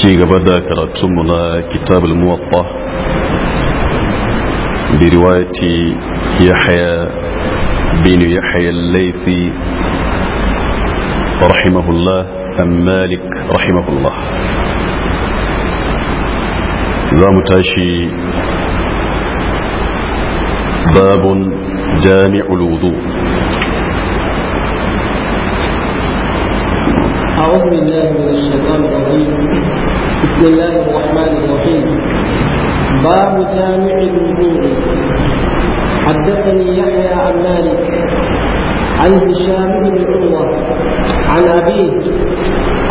ci gaba da karatunmu na kitab al muwatta bi riwayati yahya bin yahya al-laythi rahimahullah am malik rahimahullah za mu tashi babun jami'ul wudu' أعوذ بالله من الشيطان الرجيم بسم الله الرحمن الرحيم باب جامع الوجوه حدثني يحيى عن مالك عن هشام بن عروة عن أبيه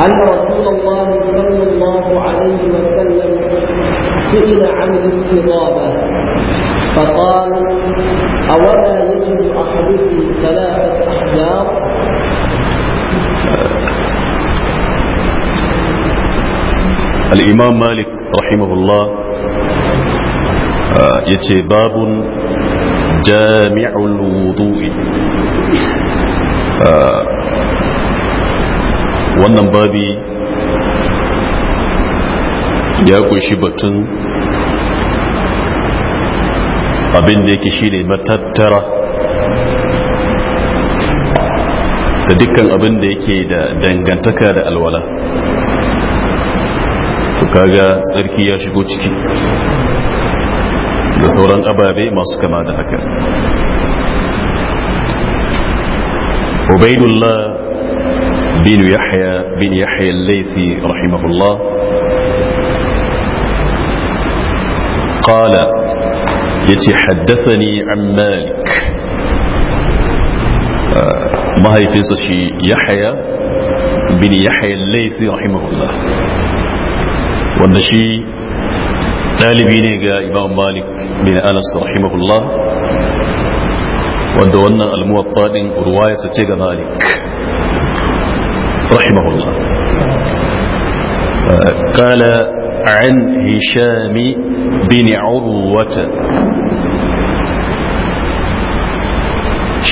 أن رسول الله صلى الله عليه وسلم سئل عن الاستضابة فقال أولا يجد أحدكم ثلاثة أحجار al'imam malik rahimahullah uh, ya ce babun jami'ul wudu'i uh, wannan babi ya kunshi batun abin da yake shine matattara da dukkan abin da yake da dangantaka da alwala to kaga tsarki ya shigo ciki da sauran ababe masu kama da haka ubaidullah bin yahya bin yahya al-laythi rahimahullah qala yace haddathani an malik mahaifinsa shi yahya bin yahya al-laythi rahimahullah wanda shi ɗalibi ne ga imam malik bin anas rahimahullah wanda wannan almuwatta din ruwaya sace ga malik rahimahullah قال عن هشام بن عروة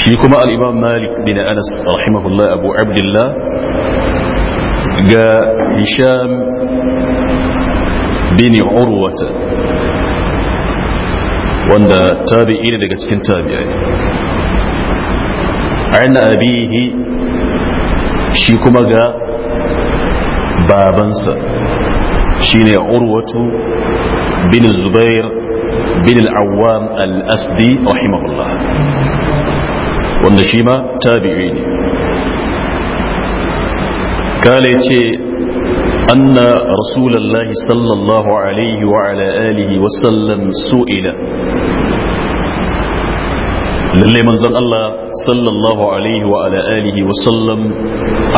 شيكما الإمام مالك بن أنس رحمه الله أبو عبد الله جاء هشام bini urwata wanda tabi'i ne daga cikin tabi'ai an abihi shi kuma ga babansa ne urwatu bin zubair bin al alasdi al rahimahullah wanda shi ma tabi'i ne kale ce أن رسول الله صلى الله عليه وعلى آله وسلم سئل lalle manzon Allah sallallahu alaihi wa ala alihi wa sallam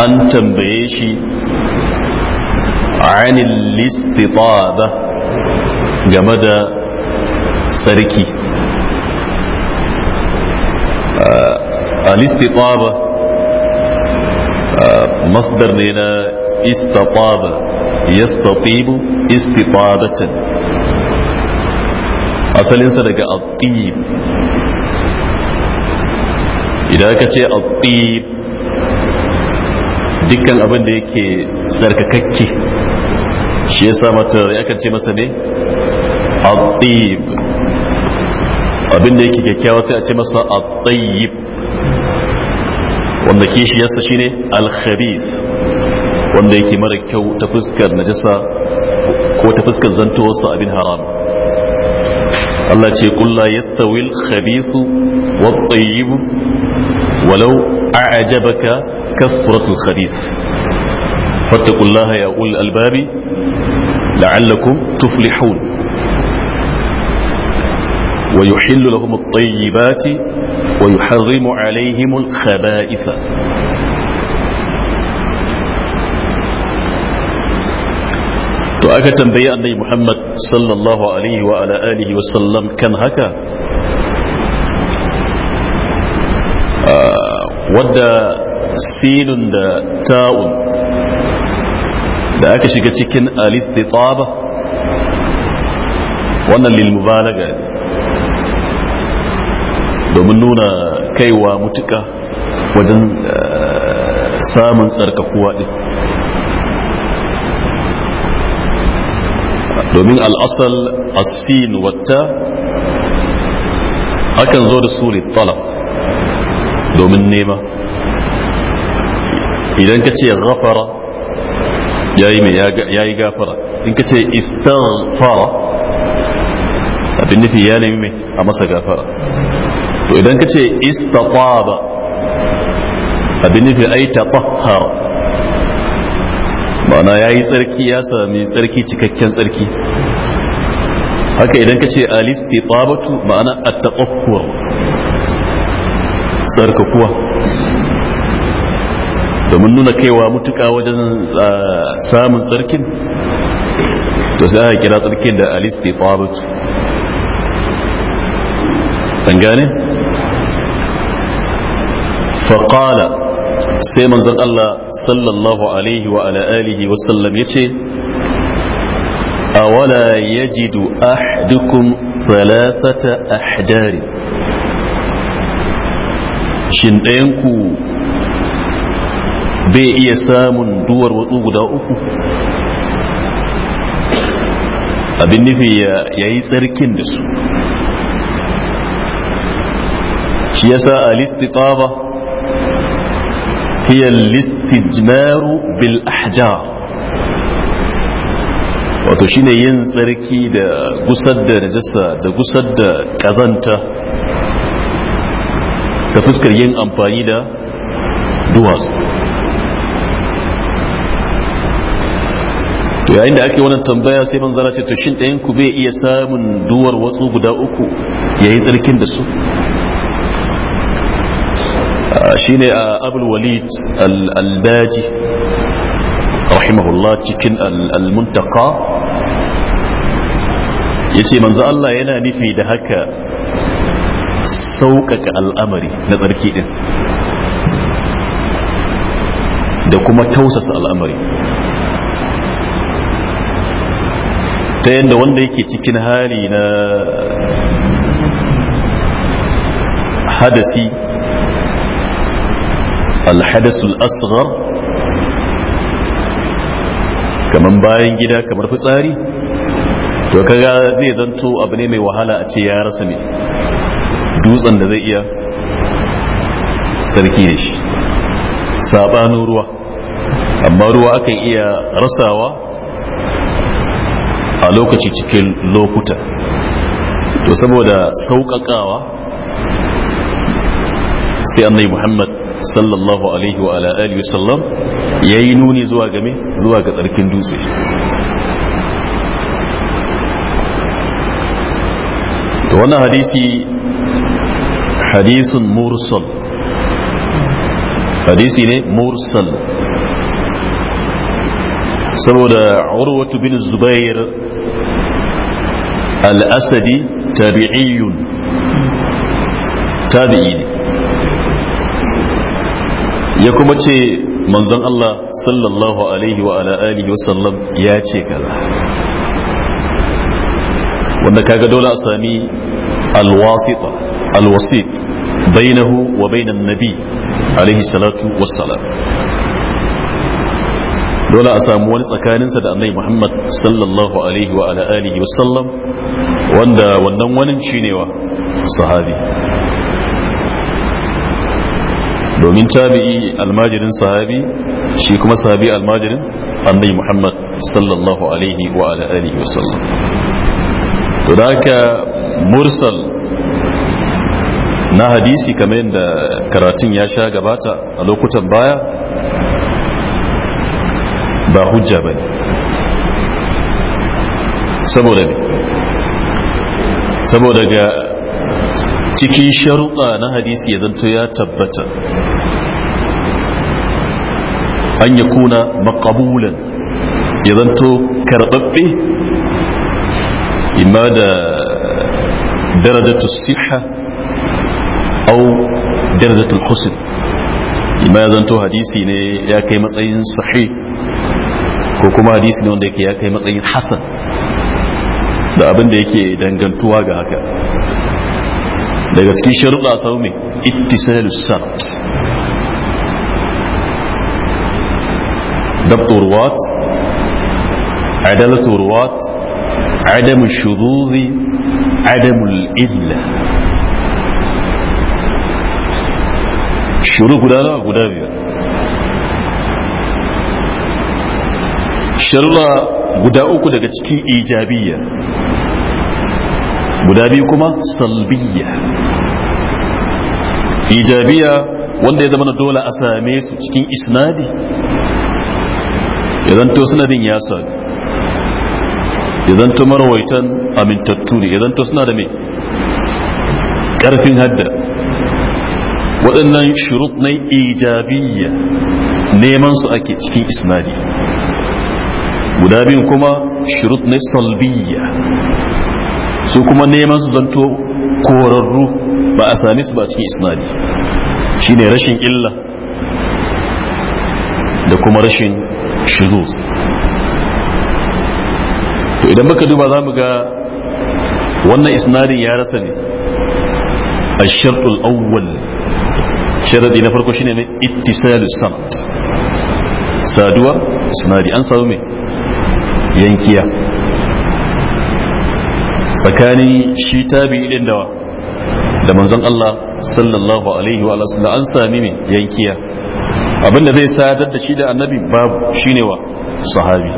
an tambaye shi anil istitaba game da sarki al-istitaba masdar ne na istataba yastatibu istitabatan asalinsa daga atib idan aka ce atib dukkan abin da yake tsarkakakke shi ya sa mata aka ce masa ne atib abin da yake kyakkyawa sai a ce masa atayib wanda kishi kishiyarsa shine al-khabith wanda yake mara kyau ta fuskar najasa ko ta fuskar zantowarsa abin haram Allah ce kulla al khabisu wat tayyib walau a'jabaka kasratu al khabis fattaqullaha ya ul al-babi la'allakum tuflihun wa yuhillu lahum at-tayyibati wa yuharrimu alayhim al-khaba'itha to aka tambayi annabi Muhammad sallallahu alaihi wa ala alihi wa sallam kan haka wadda sinun da ta'un da aka shiga cikin alistitaba wannan lil mubalaga domin nuna kaiwa mutuka wajen eh, samun tsarkakuwa din domin al'asal asin wata akan zo da suri talab domin nema idan ka ce ghafara ya yi gafara in ka ce istaghfara abin nufi ya nemi mai a masa gafara to idan ka ce istataba abin nufi ai ta tahara ma'ana ya yi tsarki ya sami tsarki cikakken tsarki haka idan ka ce alisti tsabatu ma'ana a attaƙaƙuwa tsarkakuwa domin nuna kaiwa mutuka wajen samun tsarkin to sai aka kira tsarkin da alisti tsabatu an gane faƙala sai manzon Allah sallallahu alaihi wa ala alihi wa sallam yace awala yajidu ahdukum thalathata ahdari shin ɗayan ku bai iya samun duwar watsu guda uku abin nufi ya yi tsarkin da su shi yasa al-istitaba hiya listijmaru bil ahjar wato shine yin tsarki da gusar da najasa da gusar da kazanta ta fuskar yin amfani da duwatsu to yayin da ake wannan tambaya sai manzala ce to shin ɗayan ku bai iya samun duwar watsu guda uku yayi tsarkin da su shine uh, a walid al-baji rahimahullah cikin al-muntaka yace manzo Allah yana nufi da haka sauƙaƙa al'amari na tsarki ɗin da kuma tausasa al'amari ta yadda wanda yake cikin hali na hadasi alhadasul asghar kaman bayan gida kamar fitsari to kaga zai zanto abu ne mai wahala a ce ya rasa ne dutsen da zai iya sarki da shi sabanin ruwa amma ruwa akan iya rasawa a lokaci cikin lokuta to saboda sauƙaƙawa sai annai muhammad sallallahu alaihi wa ala alihi wasallam yayi nuni zuwa game zuwa ga tsarkin dutse da wannan hadisi hadisun mursal hadisi ne mursal saboda urwatu bin zubair al-asadi tabi'iyun tabi'i ne ya kuma ce manzon Allah sallallahu alaihi wa ala alihi wa sallam ya ce kaza wanda kaga dole a sami alwasita alwasit bainahu wa bainan nabi alaihi salatu wassalam dole a samu wani tsakaninsa da annabi Muhammad sallallahu alaihi wa ala alihi wa sallam wanda wannan wani shine wa sahabi domin tabi'i almajirin sahabi shi kuma sahabi almajirin annabi muhammad sallallahu alaihi wa alihi wasallam to da haka mursal na hadisi kamar yadda karatun ya sha gabata a lokutan baya ba hujja ba saboda ne saboda ga cikin sharuɗa na hadisi ya zanto ya tabbata an ya kuna makabulan ya zanto karɓaɓɓe ima da darajatu siha au darajatul husn ima ya zanto hadisi ne ya kai matsayin sahi ko kuma hadisi ne wanda yake ya kai matsayin hasan da abin da yake dangantuwa ga haka daga cikin sharuɗa a samu mai ittisalus sart dabtar wat adalatar wat adamun الشذوذ adamun illa shuru guda nawa guda biyar sharuɗa guda uku daga cikin ijabiyya guda biyu kuma salbiya ijabiya wanda ya zama dole a same su cikin isnadi idan to sanadin ya sami idan to marawaitan amintattu ne idan to suna da mai karfin hadda waɗannan shirut na ijabiyya neman su ake cikin isnadi guda biyun kuma shirut na salbiyya sai kuma neman su zanto korarru ba a sami su ba cikin isnadi shine rashin illa da kuma rashin shuzuz to idan baka duba za mu ga wannan isnadin ya rasa ne a shirɗul awwal sharadi na farko shine mai ittisalu sanad saduwa isnadi an samu mai yankiya tsakanin shi tabi din dawa da manzon Allah sallallahu alaihi wa sallam an sami ne yankiya abinda zai sadar da shi da annabi babu shine wa sahabi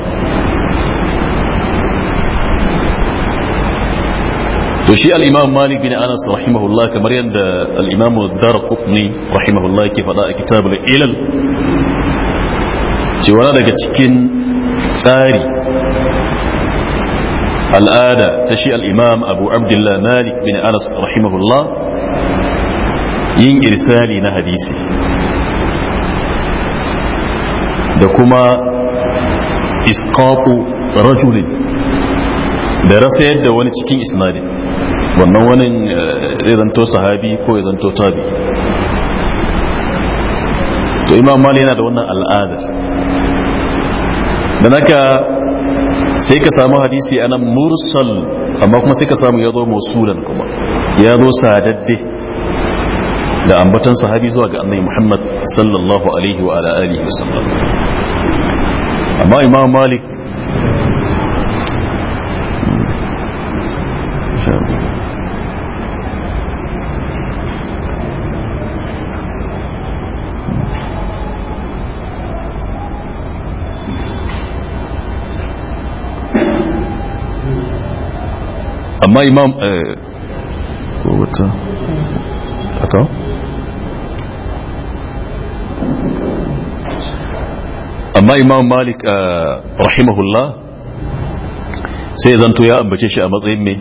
to shi al-imam malik bin anas rahimahullah kamar yadda al-imam darqutni rahimahullah ke faɗa a kitabul ilal cewa daga cikin tsari al'ada ta shi al'imam abu abdullah malik bin anas rahimahullah yin irsali na hadisi da kuma isqatu rajulin da rasa wani cikin isnadin wannan wani zai zanto sahabi ko ya zanto tabi to imam mali yana da wannan al'adar da naka sai ka samu hadisi anan mursal amma kuma sai ka samu ya zo mausulan kuma ya zo sadadde da ambatan sahabi zuwa ga annabi Muhammad sallallahu alaihi wa alihi wasallam amma Imam Malik amma imam eh, ko wata aka amma imam malik eh, rahimahullah sai zanto ya ambace shi a matsayin mai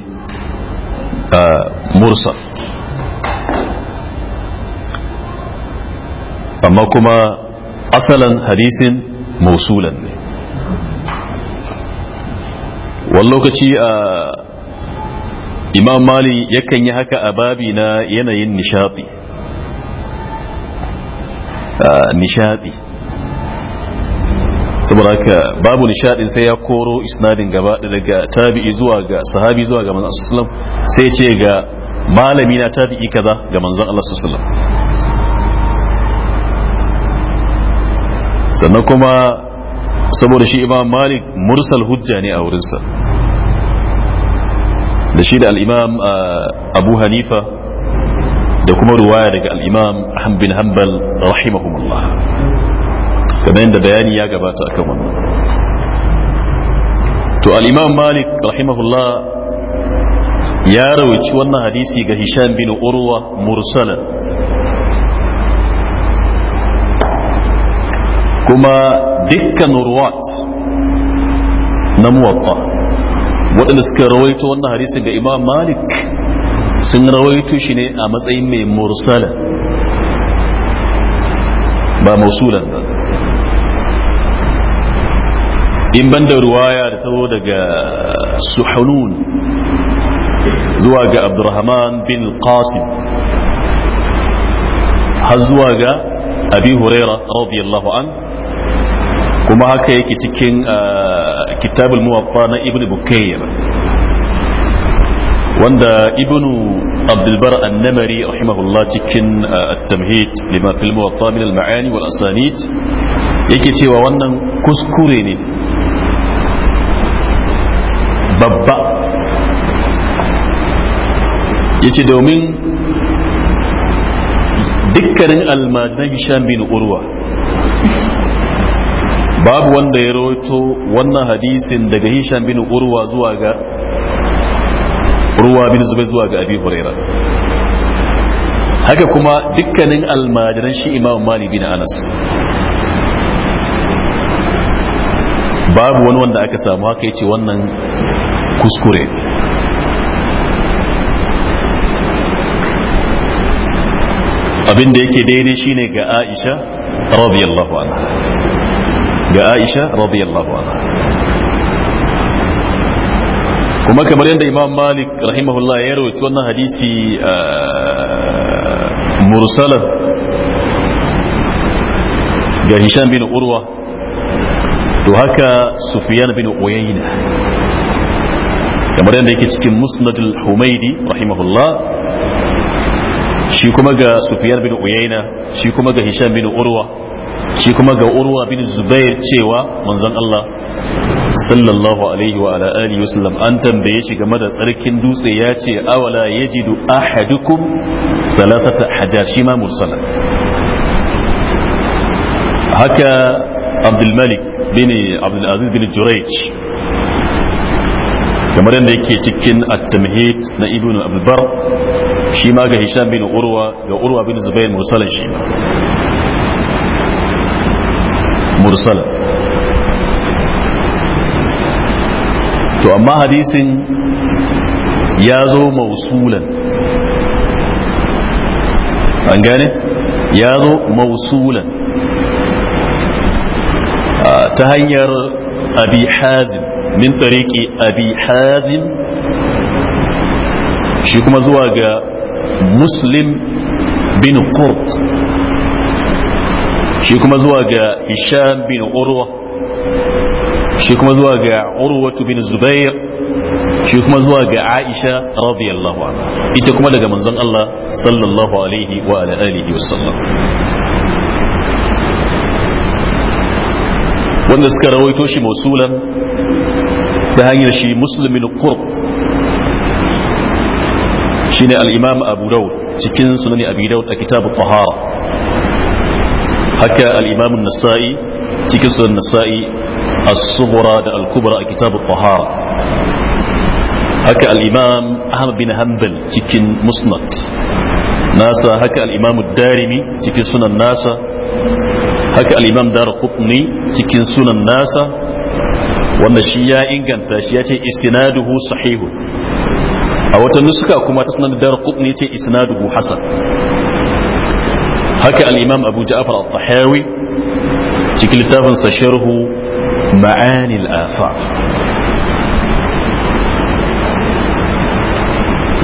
eh, mursa amma kuma asalan hadisin mausulan ne wani lokaci a imam mali yakan yi haka a babi na yanayin nishadi nishadi saboda haka babu nishadin sai ya koro isnadin gaba daga tabi'i zuwa ga sahabi zuwa ga manzon wasallam sai ce ga malami na tabi'i kaza ga manzon Allah wasallam sannan kuma saboda shi imam malik mursal hujja ne a wurinsa da shi da al'imam abu hanifa da kuma ruwaya daga al'imam ahmad bin hanbal rahimahumullah kamar yadda bayani ya gabata a kan wannan to al'imam malik rahimahullah ya rawaci wannan hadisi ga hisham bin urwa mursala kuma dukkan ruwat na muwatta waɗanda suka rawaito wannan hadisin ga imam malik sun rawaito shi ne a matsayin mai mursala ba mausulan ba in ban da ruwaya da taho daga suhunun zuwa ga abdurrahman bin qasim har zuwa ga abi huraira radiyallahu an kuma haka yake cikin ah, كتاب الموطان ابن بكير وند ابن عبد البر النمري رحمه الله تكن آه، التمهيد لما في الموطا من المعاني والاسانيد يكي سوى ون كسكوريني بابا يكي دومين ذكر المادة هشام بن أروه babu wanda ya rawaito wannan hadisin daga hisham bin urwa zuwa ga urwa bin zubai zuwa ga abi huraira haka kuma dukkanin almajiran shi imam mali bin anas babu wani wanda aka samu haka yace wannan kuskure abin da yake daidai shine ga aisha radiyallahu anha ga Aisha radiyallahu anha kuma kamar yadda Imam Malik rahimahullah ya rawaito wannan hadisi mursalan ga Hisham bin Urwa to haka Sufyan bin Uyayna kamar yadda yake cikin Musnad al-Humaydi rahimahullah shi kuma ga sufiyar bin uyayna shi kuma ga hisham bin urwa shi kuma ga urwa bin zubair cewa manzon Allah sallallahu alaihi wa ala alihi wasallam an tambaye shi game da tsarkin dutse ya ce awala yajidu ahadukum salasata hajar shi ma mursala haka abdul malik bin abdul aziz bin jurayj kamar yadda yake cikin at-tamhid na ibnu abdul bar shi ma ga hisham bin urwa ga urwa bin zubair mursalan shi mursal to amma hadisin ya zo mausulan ta hanyar abi hazim min tariki abi hazim shi kuma zuwa ga muslim bin qurt shi kuma zuwa ga hisham bin urwa shi kuma zuwa ga Urwa bin zubair shi kuma zuwa ga aisha radiyallahu anha ita kuma daga manzon Allah sallallahu alaihi wa ala alihi wa sallam wanda suka rawaito shi musulan ta hanyar shi muslimin qurt shine al-imam abu Dawud cikin sunan abi Dawud a kitabu tahara haka al nasai cikin sunan nasai as-sughra da al a kitabu al haka al ahmad bin hanbal cikin musnad nasa haka al darimi cikin sunan nasa haka al-imam darqutni cikin sunan nasa wanda shi ya inganta shi ya ce istinaduhu sahihun a wata nusuka kuma ta sunan darqutni ce isnaduhu hasan haka al-imam abu ja'far al-tahawi cikin littafin sa sharhu ma'ani al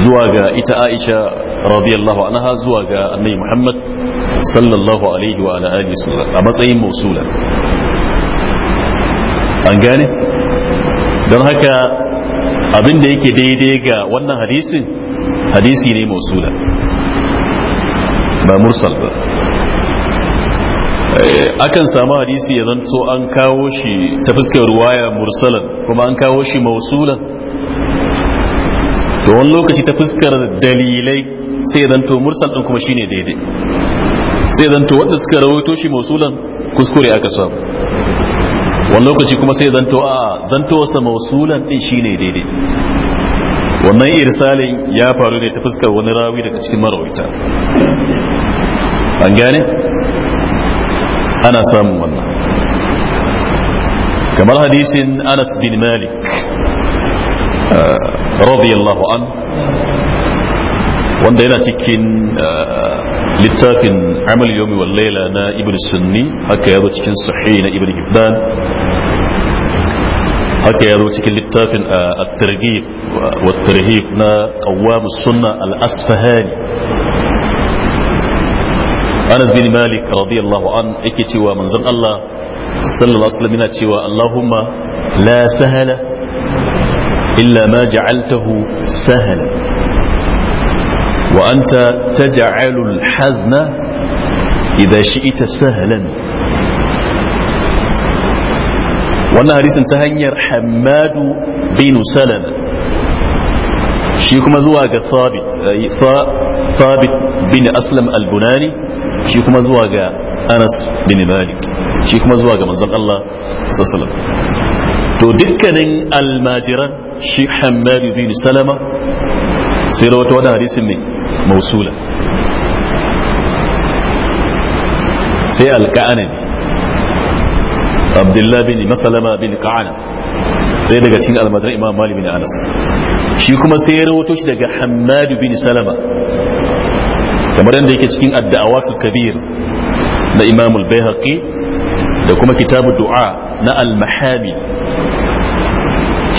zuwa ga ita Aisha radiyallahu anha zuwa ga annabi Muhammad sallallahu alaihi wa ala alihi sallam a matsayin mausula an gane don haka abin da yake daidai ga wannan hadisin hadisi ne mausula ba mursal ba Eh, akan samu hadisi ya zanto an kawo shi ta fuskar ruwaya mursalan kuma an kawo shi mausulan to wani lokaci ta fuskar dalilai sai zanto mursal din kuma shine daidai sai zanto wanda suka rawaito shi mausulan kuskure aka samu wani lokaci kuma sai zanto a zanto wasa mausulan din shine daidai wannan irsalin ya faru ne ta fuskar wani rawi daga cikin marawaita an gane ana samun wannan kamar hadisin anas bin malik radiyallahu an wanda yana cikin littafin amal yomi wal laila na ibn sunni haka ya zo cikin sahih na ibn hibban haka ya zo cikin littafin at-targhib wa tarhib na qawwam sunna al-asfahani anas bin malik radiyallahu an yake cewa manzon Allah sallallahu alaihi wasallam yana cewa Allahumma la sahala illa ma ja'altahu sahala wa anta taj'alu al-hazna idha shi'ita sahlan wannan hadisin ta hanyar Hammad bin Salama shi kuma zuwa ga Thabit Thabit bin Aslam al-Bunani shi kuma zuwa ga anas bin malik shi kuma zuwa ga manzon Allah sallallahu to dukkanin almajiran shi hammad bin salama sai rawato wani hadisin ne mausula sai alka'anabi abdullahi bin masalama bin ka'ana sai daga cikin almajiran imam malik bin anas shi kuma sai ya rawato shi daga hammad bin salama kamar yadda yake cikin adda'awatul kabir na imam al-baihaqi da kuma kitabu du'a na al-mahami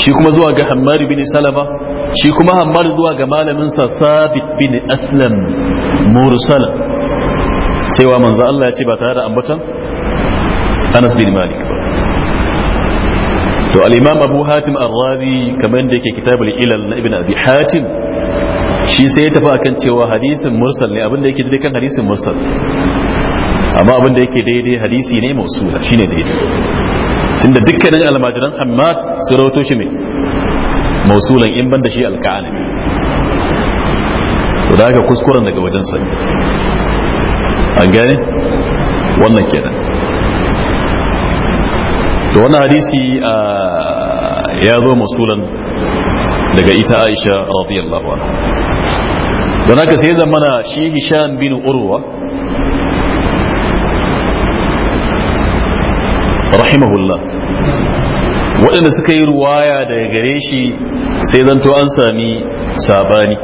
shi kuma zuwa ga hammari bin salama shi kuma hammari zuwa ga malamin sa sabit bin aslam mursala cewa manzo Allah ya ce ba tare da ambatan Anas bin Malik ba to al-imam Abu Hatim ar-Razi kamar yadda yake kitabul ilal na Ibn Abi Hatim shi sai ya tafi akan cewa hadisin mursal ne abinda yake daidai kan hadisin mursal amma abinda yake daidai hadisi ne mausula shine daidai tunda dukkanin almajiran hamad su rawato shi ne mausulan in banda shi alka'ani to da aka kuskuren daga wajen sa an gane wannan kenan to wannan hadisi ya zo mausulan daga ita aisha radiyallahu anha don haka sai na shi hisham bin urwa rahimahullah waɗanda suka yi ruwaya daga gare shi sai zanto an sami sabani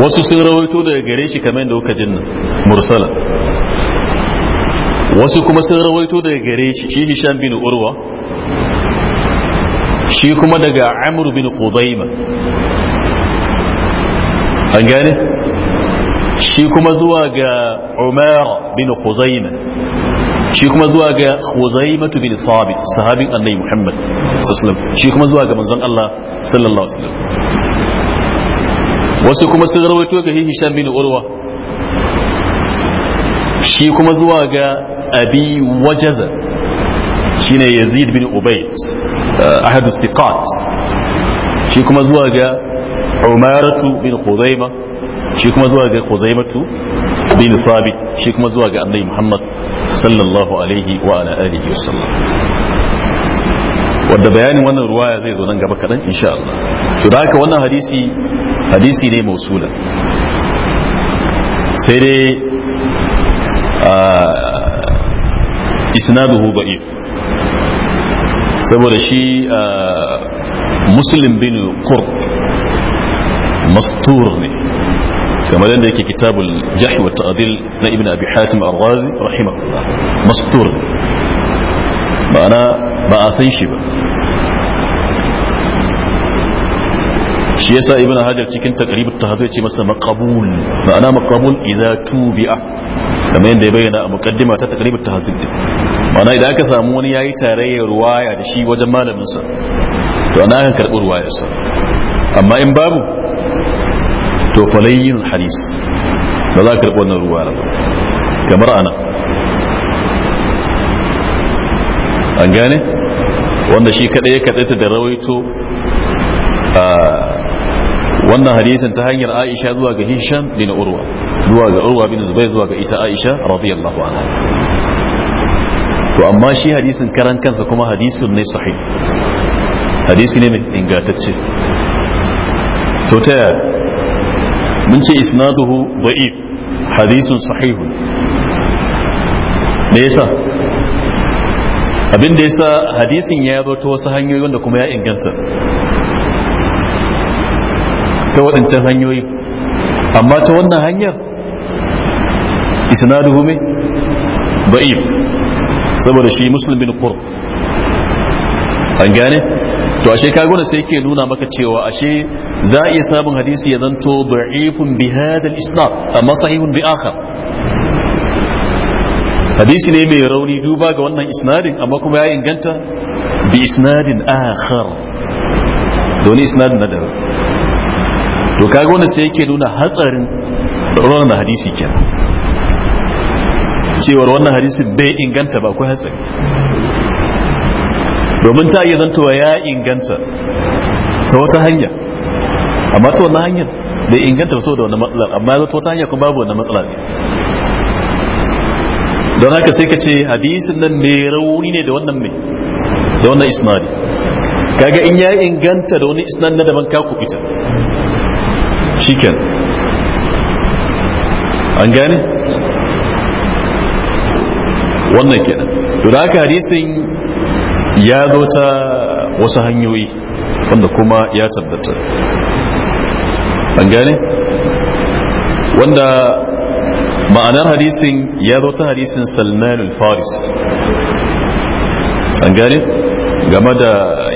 wasu sun rawaito daga gare shi kamar da kuka nan. mursala wasu kuma sun rawaito daga gare shi shi hisham bin urwa shi kuma daga amur bin khudaima an gane shi kuma zuwa ga umar bin khuzaima shi kuma zuwa ga khuzaima bin sabit sahabin annabi muhammad sallallahu shi kuma zuwa ga manzon Allah sallallahu alaihi wasallam wasu kuma sun rawaito ga hisham bin urwa shi kuma zuwa ga abi wajaza shine yazid bin ubayd eh, ahadu siqat shi kuma zuwa ga umaratu bin khuzaima shi kuma zuwa ga khuzaimatu bin sabit shi kuma zuwa ga annabi muhammad sallallahu alaihi wa ala alihi sallam. wanda bayanin wannan ruwaya zai zo nan gaba kaɗan insha Allah to da haka wannan hadisi hadisi ne mausula sai dai eh, isnaduhu da'if saboda shi muslim bin kurt mastur ne kamar yadda yake kitabul jahi wa ta'dil na ibn abi hatim ar-razi rahimahullah mastur ma'ana ba a san shi ba shi yasa ibn hajar cikin taqribut tahzir ce masa maqbul ma'ana maqbul idza tubi'a kamar yadda ya bayyana a muqaddima ta taqribut tahzir wana idan aka samu wani yayi tarayyar ruwaya da shi wajen malaminsa to ana kan karɓi ruwayar sa amma in babu to falayyin hadis ba za ka karɓi wannan ruwayar ba kamar ana an gane wanda shi kadai ya kadaita da rawaito wannan hadisin ta hanyar Aisha zuwa ga Hisham bin Urwa zuwa ga Urwa bin Zubair zuwa ga ita Aisha radiyallahu anha to amma shi hadisin karan kansa kuma hadisin ne sahih hadisi ne mai ingantacce to ta yaya mun ce isnaduhu da'if hadisin sahihun me yasa abin da yasa hadisin ya zo ta wasu hanyoyi wanda kuma ya inganta ta waɗancan hanyoyi amma ta wannan hanyar isnaduhu mai da'if saboda shi Musulmin kurd an gane to ashe ka gona sai yake nuna maka cewa ashe za a iya sabon hadisi ya zanto da'ifun bi hadal isnad amma sahihun bi akhar hadisi ne mai rauni duba ga wannan isnadin amma kuma ya inganta bi isnadin akhar doni isnadin na daban to ka gona sai yake nuna hatsarin rawan hadisi kenan cewar wannan hadisi bai inganta ba akwai hatsari domin ta iya zantowa ya inganta ta wata hanya amma ta wannan hanyar bai inganta so da wani matsalar amma ya ta wata hanya kuma babu wani matsalar don haka sai ka ce hadisin nan mai rauni ne da wannan mai da wannan isnadi kaga in ya inganta da wani isnadi na daban ka kuɓita shikenan an gane wannan kenan to da haka hadisin ya zo ta wasu hanyoyi wanda kuma ya tabbata an gane wanda ma'anar hadisin ya zo ta hadisin salman al-faris an gane game da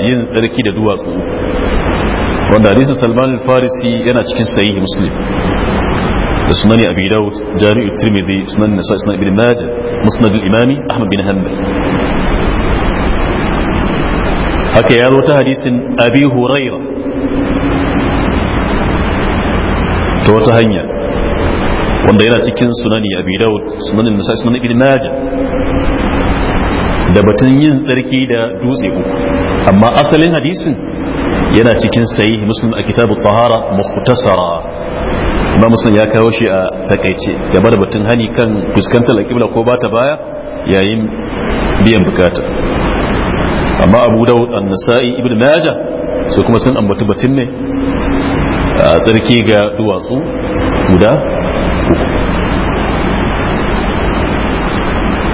yin tsarki da duwatsu wanda hadisin salman al-farisi yana cikin sahihi muslim سنن أبي داود جامع الترمذي سنن النسائي سنن ابن ماجه مسند الإمام أحمد بن حنبل haka ya zo ta hadisin abi huraira ta wata hanya wanda yana cikin sunani abi daud sunanin nasa sunan ibn majah da batun yin tsarki da dutse uku amma asalin hadisin yana cikin sahih muslim a kitabu tahara mukhtasara imam ya kawo shi a takaice game da batun hani kan fuskantar alƙibla ko ba ta baya yayin biyan bukata amma abu daud an-nasa'i ibn majah su kuma sun ambatu batun ne a tsarki ga duwatsu guda uku.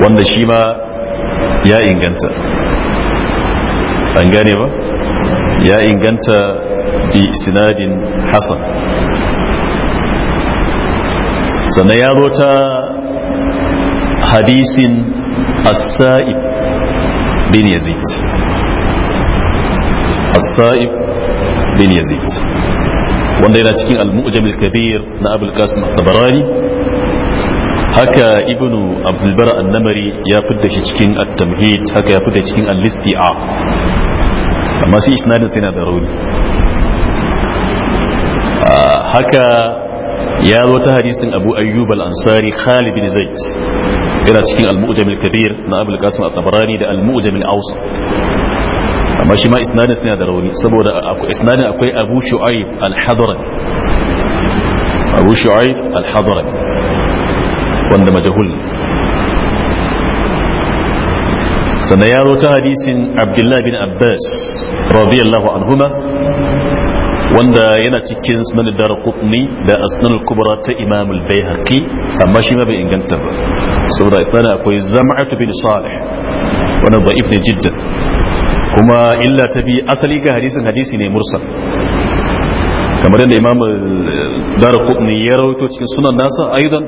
wanda shi ma ya inganta an gane ba ya inganta bi sinadin hasan sannan ya zo ta hadisin as-sa'ib bin yazid as-sa'ib bin yazid wanda yana cikin al-mu'jam al-kabir na abul qasim at-tabarani haka ibnu abdul bara an-namari ya fidda shi cikin at-tamhid haka ya fidda cikin al-listi'a amma shi isnadin sai na da rauni haka ya zo ta hadisin abu ayyub al-ansari khalid bin zaid ina cikin al-mu'jam al-kabir na abul qasim at-tabarani da al-mu'jam al-awsat amma shi ma isnadin suna da rauni saboda isnadin akwai abu shu'aib al-hadrami abu shu'aib al-hadrami wanda majahul sannan ya zo ta hadisin abdullahi bin abbas radiyallahu anhuma wanda yana cikin sunan dar qutni da asnan kubra ta imam al bayhaqi amma shi ma bai inganta ba saboda isnad akwai zam'atu bin salih wannan da'if ne jiddan kuma illa ta bi asali ga hadisin hadisi ne mursal kamar yadda imam dar qutni ya rawaito cikin sunan nasa aidan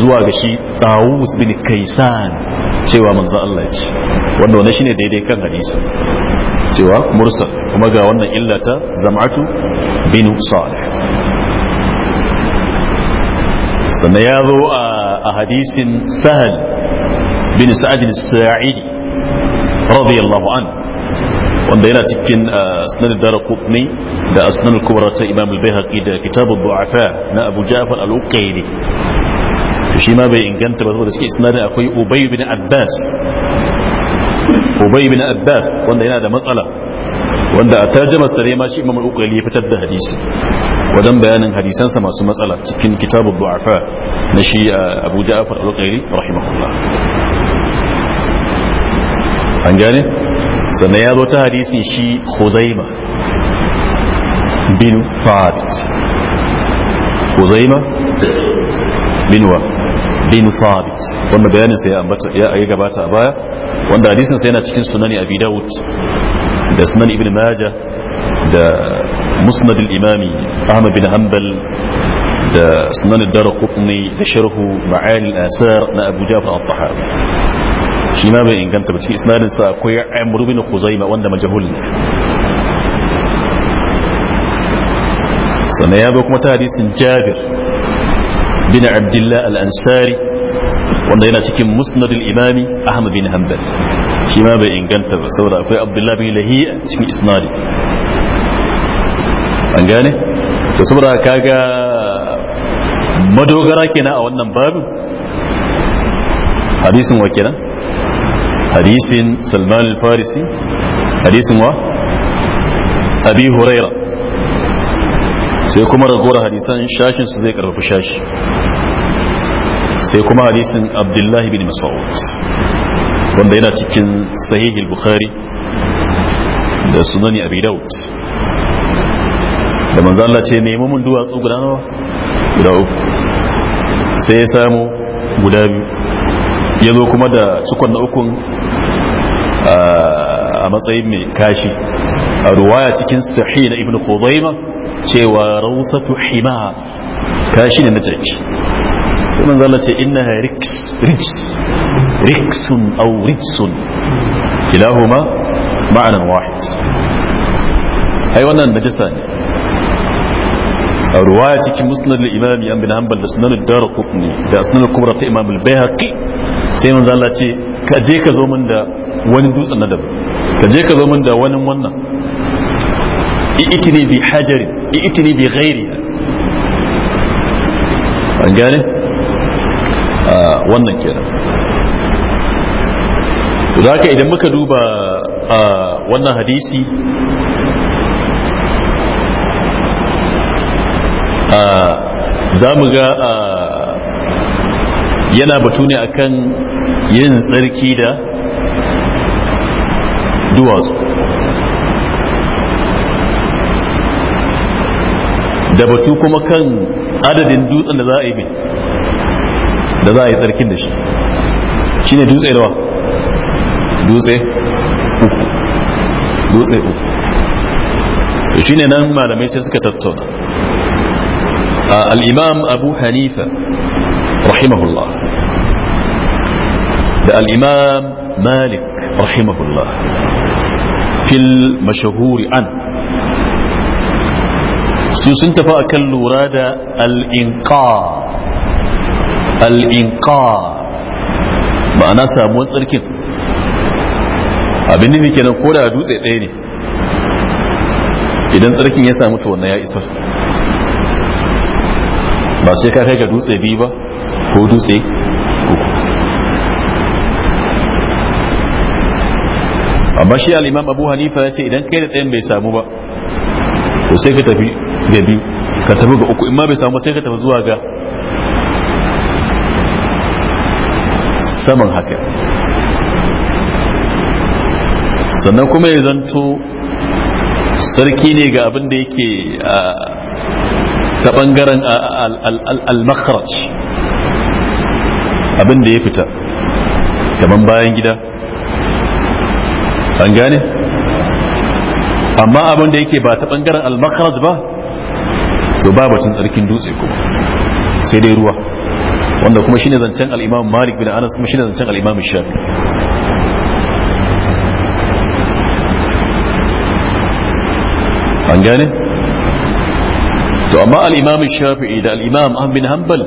zuwa ga shi tawus bin kaisan cewa manzo Allah ya ce wanda wannan shine daidai kan hadisin cewa mursal kuma ga wannan illata zam'atu bin salih sannan ya zo a hadisin sahal bin sa'ad sa'idi radiyallahu an wanda yana cikin asnan darqutni da asnan al kubra ta imam al bayhaqi da kitab al duafa na abu ja'far al-uqayli shi ma bai inganta ba saboda cikin isnadin akwai ubay bin abbas ubay bin abbas wanda yana da matsala wanda a tarjumar sa ne ma shi imam al-uqayli ya fitar da hadisi wajen bayanin hadisan sa masu matsala cikin kitabul du'afa na shi abu ja'far al-uqayli rahimahullah an gane sannan ya zo ta hadisi shi khuzaima bin Fat khuzaima bin wa bin thabit wanda bayanin sa ya ambata ya ayi gabata a baya wanda hadisin sa yana cikin sunani abi dawud da sunan ibn majah da musnad al-imami ahmad bin hanbal da sunan darqutni da sharhu ma'ani al-asar na abu jafar at-tahawi shi ma bai inganta ba cikin isnadin sa akwai amr bin khuzaima wanda majhul ne. ya zo kuma ta hadisin jabir bin abdullah al'ansari wanda yana cikin musnad al-imami ahmad bin hanbal shi ma bai inganta ba saboda akwai abdullah bin lahiya cikin isnadi an gane to saboda kaga madogara kenan a wannan babin hadisin wa kenan hadisin salman al-farisi hadisin wa abi huraira sai kuma ragowar hadisan shashin su zai karfafi shashi sai kuma hadisin abdullahi bin mas'ud wanda yana cikin sahihil bukhari da sunani abi daud da manzo Allah ce nemi mun duwatsu guda nawa guda uku sai ya samu guda biyu ya zo kuma da cikon na ukun a matsayin mai kashi a ruwaya cikin sahih na ibn khudaimah cewa rausatu himaha. kashi ne na jaki sai manzo Allah ce innaha riks riks riksun aw riksun kilahuma ma'ana wahid ai wannan najasa ne a ruwaya cikin musnad al-imam ibn hanbal da sunan ad-darqutni da sunan kubra ta imam al bayhaqi sai manzo Allah ce ka je ka zo min da wani dutsen na dabu ka je ka zo min da wani wannan i'tini bi hajarin i'tini bi ghairiha an gane wannan kenan za ka idan muka duba wannan hadisi za mu ga yana batu ne akan yin tsarki da duwatsu da batu kuma kan adadin dutsen da za a yi da za a yi tsarkin da shi shi ne dutse da wa dutse uku dutse uku shi ne nan malamai sai suka tattauna a al’imam abu hanifa rahimahullah da al’imam malik rahimahullah fil mashahuri an su sun tafi kan lura da al al'inqa ma'ana samuwar tsarkin abin ne nan ko da dutse ɗaya ne idan tsarkin ya samu to wannan ya isar ba sai ka kai ga dutse biyu ba ko dutse uku amma shi al'imam abu hanifa ya ce idan kai da ɗayan bai samu ba to sai ka tafi ga biyu ka tafi ga uku in ma bai samu sai ka tafi zuwa ga saman haka sannan kuma ya zanto sarki ne ga abin da yake ta bangaren al-makharaj abin da ya fita kamar bayan gida an gane amma abin da yake ba ta bangaren al-makharaj ba to ba batun tsarkin dutse kuma sai dai ruwa wanda kuma shine zancen al-imam malik bin anas kuma shine zancen al-imam shafi an gane to amma al-imam shafi'i da al-imam ahmad bin hanbal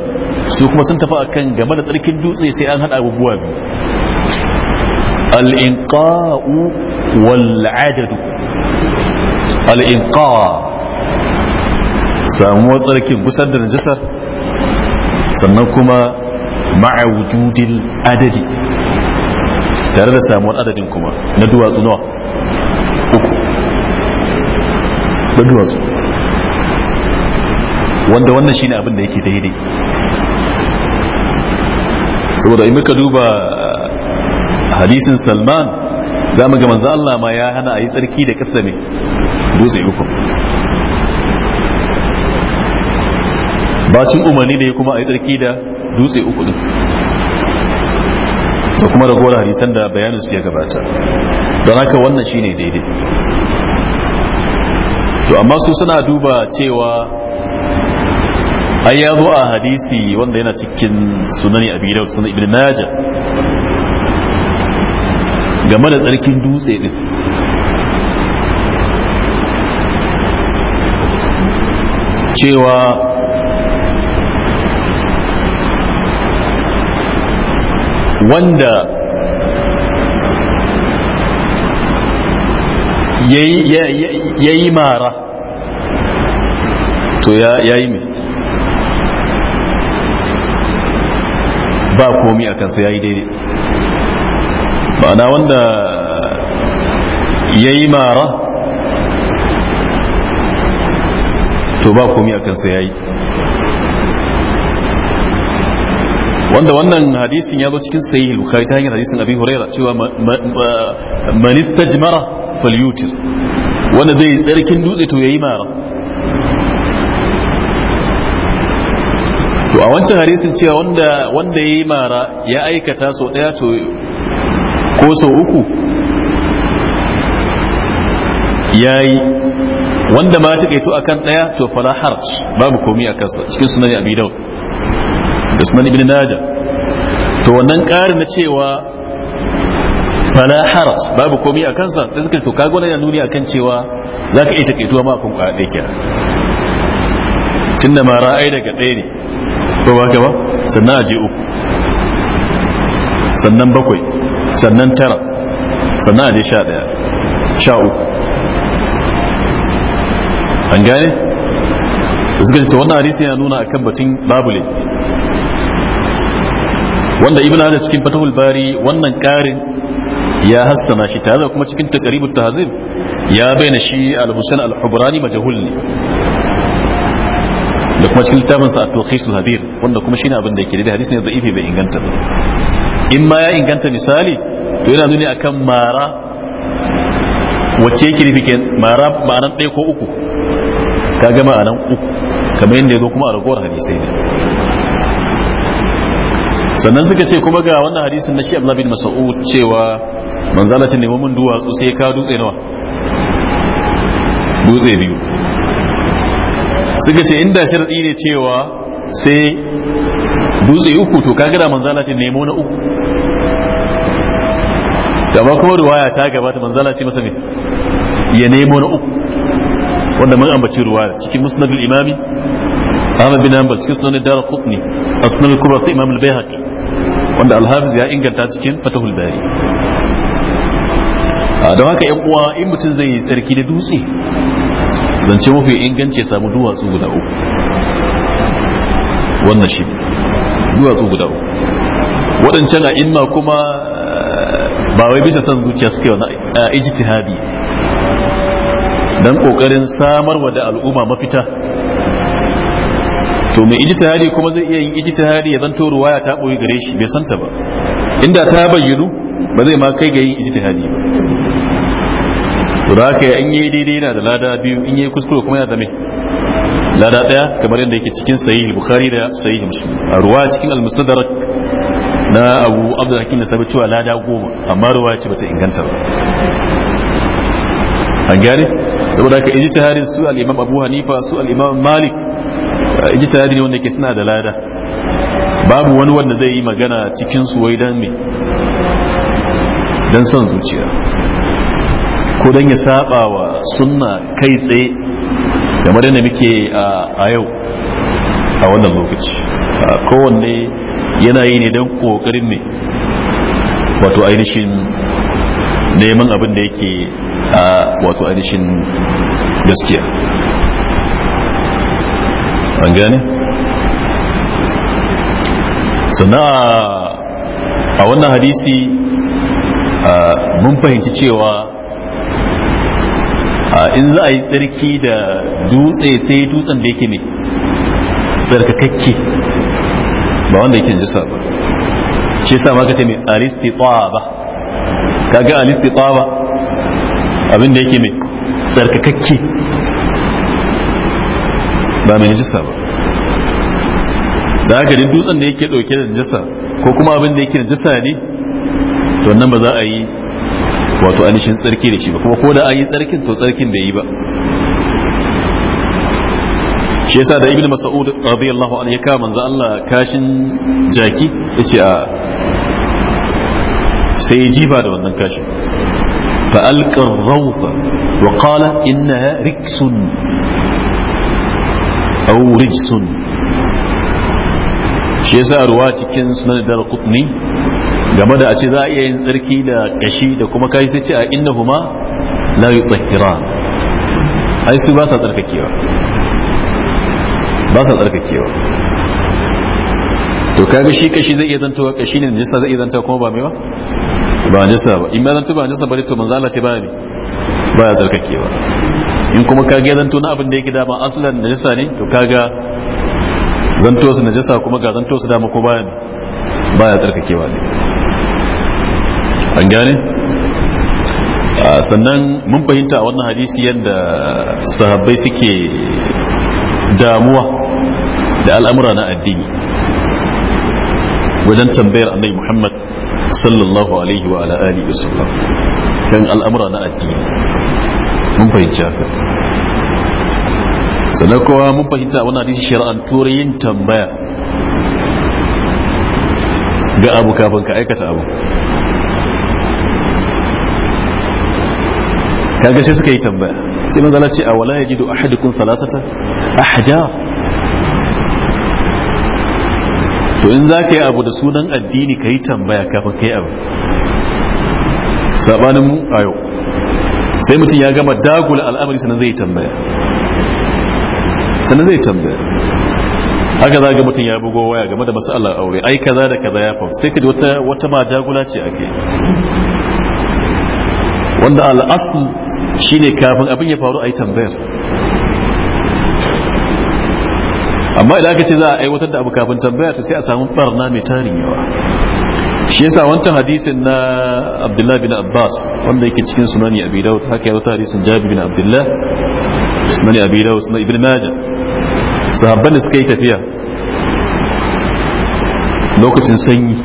su kuma sun tafi akan game da tsarkin dutse sai an hada abubuwa al-inqa'u wal-adadu al-inqa' samu tsarkin gusar da najasar sannan kuma ma'a wujudil adadi tare da samuwar adadin kuma na duwatsu nawa uku na duwatsu wanda wannan shine abin da yake daidai saboda in muka duba ah, hadisin salman za mu ga manzo Allah ma ya hana a yi tsarki da kasa ne dutse uku bacin umarni ne kuma a yi tsarki da dutse uku din ta kuma ragowar hadisan da bayanin su ya gabata don haka wannan shine daidai to amma su suna duba cewa ai ya zo a hadisi wanda yana cikin sunani a biyar sunan ibn majah game da tsarkin dutse din cewa wanda ya yi mara to ya yi mai ba komi a kansa ya yi daidai ma'ana wanda ya yi mara to ba komi a kansa ya yi wanda wannan hadisin ya zo cikin sayi bukhari ta hanyar hadisin abi huraira cewa man jimara falyutir wanda zai tsarkin dutse to ya yi mara to a wancan hadisin cewa wanda wanda yi mara ya aikata sau daya to ko sau uku ya yi wanda ma ta kaito akan daya to fala harj babu komai a kansa cikin sunan abi daud usman ibn naja to wannan ƙarin na cewa fala haras babu komai a kansa sai suka to kaga wannan nuni akan cewa zaka iya takaituwa ma akan ka ɗaya kira. tunda ma ra'ayi daga ɗaya ne ko ba ka ba sannan aje uku sannan bakwai sannan tara sannan aje sha ɗaya sha uku an gane suka ce ta wannan hadisi yana nuna akan batun babu laifi wanda ibn hajar cikin fatahul bari wannan ƙarin ya hassana shi tare da kuma cikin taqribut tahzib ya bayyana shi al-husain al-hubrani majhul ne da kuma cikin littafin sa at-tulkhis al-hadir wanda kuma shine abin da yake da hadisi ne da'ifi bai inganta ba in ma ya inganta misali to yana nuni akan mara wacce yake nufi mara ma'anan ɗaya ko uku ka ga ma'anan uku kamar yadda ya zo kuma a ragowar hadisai ne sannan suka ce kuma ga wannan hadisin na shi abu bin Mas'ud cewa manzala ce nemi mun duwatsu sai ka dutse nawa dutse biyu suka ce inda sharadi ne cewa sai dutse uku to kaga da manzala ce nemo na uku da ba kuma ruwaya ta gabata manzala ce masa ne ya nemo na uku wanda mun ambaci ruwaya cikin musnadul imami Ahmad bin Hanbal cikin sunan Darqutni asnan al-kubra imam al-Baihaqi wanda alhafiz ya inganta cikin fatahul bari don haka yan uwa in mutum zai yi tsarki da dutse zance mafi inganci ya samu duwatsu guda uku wannan shi duwatsu guda uku waɗancan a imma kuma eh, ba wai bisa son zuciya suke wani eh, ijtihadi dan ƙoƙarin samarwa da al'umma mafita to mai ijtihadi kuma zai iya yin ijtihadi ya zanto ruwaya ta boye gare shi bai santa ba inda ta bayyano ba zai ma kai ga yin ijtihadi ba to da haka in yayi daidai yana da lada biyu in yayi kuskure kuma yana da mai lada daya kamar yadda yake cikin sahih bukhari da sahih muslim a ruwaya cikin al-mustadrak na abu abdul hakim da sabu cewa lada goma amma ruwaya ce bata inganta ba an gane saboda haka ijtihadin su al-imam abu hanifa su al-imam malik ijtihadi ne wanda ke suna da lada babu wani wanda zai yi magana cikin su wai dan me dan son zuciya ko dan ya saba wa sunna kai tsaye kamar yadda muke a yau a wannan lokaci kowanne yana yi ne don kokarin ne wato ainihin neman abin da yake a wato ainihin gaskiya an gane Sannan a wannan hadisi mun fahimci cewa in za a yi tsarki da dutse sai dutsen da yake ne tsarkakakke ba wanda yake jisa ba shi sa maka ce mai alistitaba kaga ba. abin da yake mai tsarkakakke ba mai najisa ba da haka duk dutsen da yake dauke da najisa ko kuma abin da yake najisa ne to nan ba za a yi wato anishin tsarki da shi ba kuma ko da an yi tsarkin to tsarkin bai yi ba shi yasa da ibnu mas'ud radiyallahu anhu ya ka manzo Allah kashin jaki yace a sai ya jiba da wannan kashin fa alqa rawfa wa qala innaha riksun innahu rijsun shi yasa ruwa cikin sunan dar kutni game da a ce za a iya yin tsarki da kashi da kuma kai sai ce a huma la yutahhira ai su ba sa tsarkakewa ba sa tsarkakewa to kaga shi kashi zai iya zantowa kashi ne nisa zai iya zantowa kuma ba mai ba ba nisa ba in ma zantowa ba nisa ba to manzala Allah ce ba ne ba ya tsarkakewa in kuma ka ga zanto na abin da yake dama aslan najasa ne to kaga zanto su najasa kuma ga zanto su dama ko baya ne ba ya tsarkakewa ne an gane sannan mun fahimta a wannan hadisi yadda sahabbai suke damuwa da al'amura na addini wajen tambayar annabi Muhammad sallallahu alaihi wa ala alihi wasallam kan al'amura na addini mun fahimci haka sannan kowa mun fahimta a wani hadisi shari'an yin tambaya ga abu kafin ka aikata abu kaga sai suka yi tambaya sai manzala ce a wala ya jido ahadukum salasata ahjar to in za ka yi abu da sunan addini ka yi tambaya kafin ka yi abu sabanin mu a yau sai mutum ya gama dagula al'amari sannan zai tambaya sannan zai tambaya haka za ga mutum ya bugo waya game da masalar aure ai kaza da kaza ya faru sai ka ji wata wata ma dagula ce ake wanda shi ne kafin abin ya faru a yi tambayar amma idan aka ce za a aiwatar da abu kafin tambaya ta sai a samu barna mai tarin yawa shi yasa wancan hadisin na abdullahi bin abbas wanda yake cikin sunani abi dawud haka ya wata hadisin jabi bin abdullah sunani abi dawud sunan ibn majah sahabban da suka yi tafiya lokacin sanyi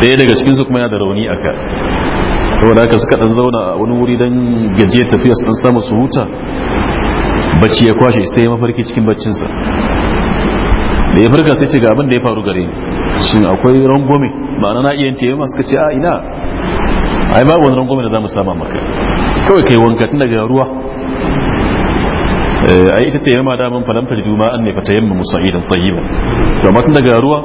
ɗaya daga cikinsu kuma yana da rauni a ka saboda haka suka ɗan zauna a wani wuri don gajiye tafiya su ɗan samu su huta bacci ya kwashe sai ya mafarki cikin baccinsa da ya farka sai ce ga abin da ya faru gare ni shin akwai rangwame ma'ana na iya ce masu kace a ina ai ba wani rangwame da za mu sama maka kawai kai wanka tun daga ruwa eh, ai ita tayyama daman falamta juma'an ne fa tayamma musa'idan tayyiban to amma tun daga ruwa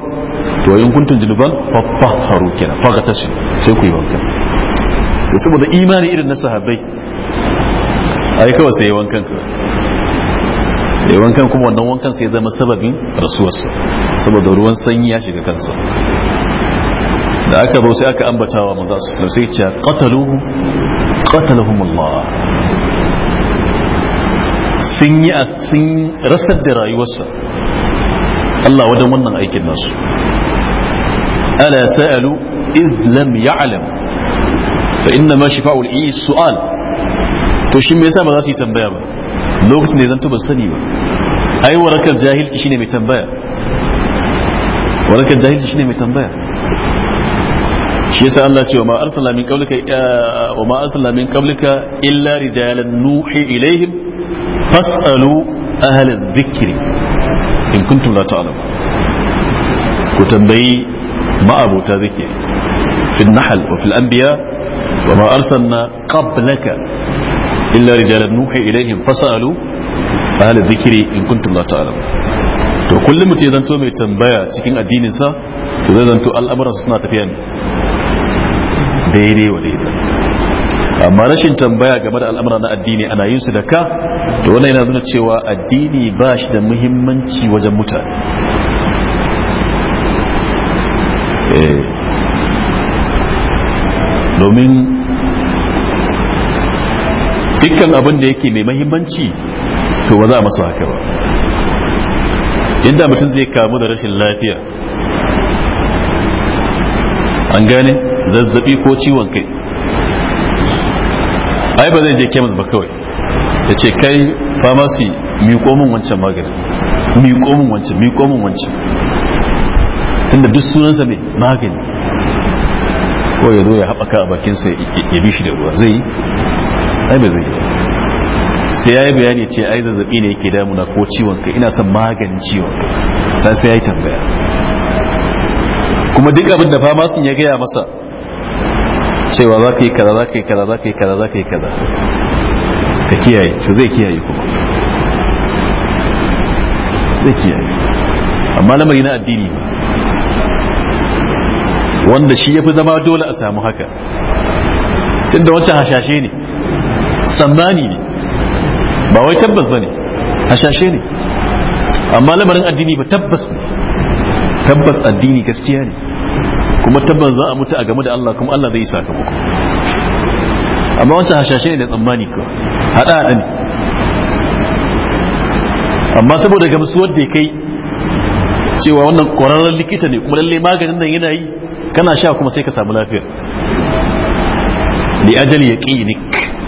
to in kuntum junuban fa kenan faghtashi sai ku yi wanka to saboda imani irin na sahabbai ai kawai sai wankan ka da eh, wankan kuma wannan wankan sai zama sababin rasuwarsa saboda ruwan sanyi ya shiga kansa da aka zo sai aka ambata wa maza su sai ce qataluhu qatalahum Allah sun yi sun rasar da rayuwarsa Allah wajen wannan aikin nasu ala sa'alu iz lam ya'lam fa inna ma shifa'ul is su'al to shi me yasa ba za su yi tambaya ba lokacin da ya zanto ba sani ba ai warakar jahilci shine mai tambaya warakar jahilci shine mai tambaya shi yasa Allah ce wa ma arsala min qablika wa ma arsala min qablika illa rijalan nuhi ilaihim fasalu ahla dhikri in kuntum la ta'lam ku tambayi ma abuta zikiri fi an-nahl wa fil anbiya wa ma arsalna qablaka illa rijalan nuhi ilaihim fasalu ahli dhikri in kuntum la ta'lamun to kullum mutum ya zanto mai tambaya cikin addininsa. to zai zanto al'amuransa suna tafiya daidai wa daidai amma rashin tambaya game da al'amura na addini ana yin su da ka to wannan yana nuna cewa addini ba shi da muhimmanci wajen mutane domin dukkan abin da yake mai mahimmanci to ba za a masa haka ba inda mutum zai kamu da rashin lafiya an gane zazzabi ko ciwon kai ai ba zai je kemis ba kawai ya ce kai famasi miƙo min wancan magani miƙo min wancan miƙo min wancan tunda duk sunansa mai magani ko ya zo ya haɓaka a bakinsa ya bi shi da ruwa zai yi ai ba zai sai ya yi bayani ce ai zazzabi ne yake damuna ko ciwon kai ina son maganin ciwon kai sai sai ya yi tambaya kuma duk abin da fama sun ya gaya masa cewa za ka yi kaza za ka yi kaza za ka yi kaza za ka yi kaza ka kiyaye to zai kiyaye kuma zai kiyaye amma lamari na addini wanda shi ya fi zama dole a samu haka sun da wancan hashashe ne tsammani ne ba wai tabbas ba ne hashashe ne amma lamarin addini ba tabbas ne tabbas addini gaskiya ne kuma tabbas za a mutu a game da Allah kuma Allah zai sakamako amma wancan hashashe ne da tsammani ko hada hada ne amma saboda gamsuwar da kai cewa wannan kwararren likita ne kuma lalle maganin nan yana yi kana sha kuma sai ka samu lafiya li ajali yaqinik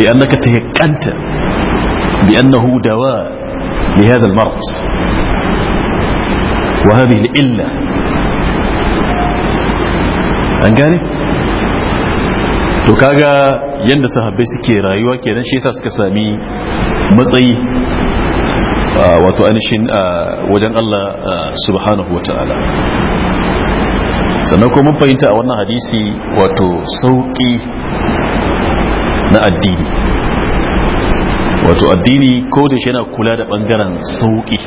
لأنك تيقنت بأنه دواء لهذا المرض وهذه الإلة an gane? to kaga yadda sahabbai suke rayuwa kenan shi yasa suka sami matsayi wato anishin wajen Allah subhanahu ta'ala sannan kuma mun fahimta a wannan hadisi wato sauƙi na addini wato addini ko da shi yana kula da bangaren sauki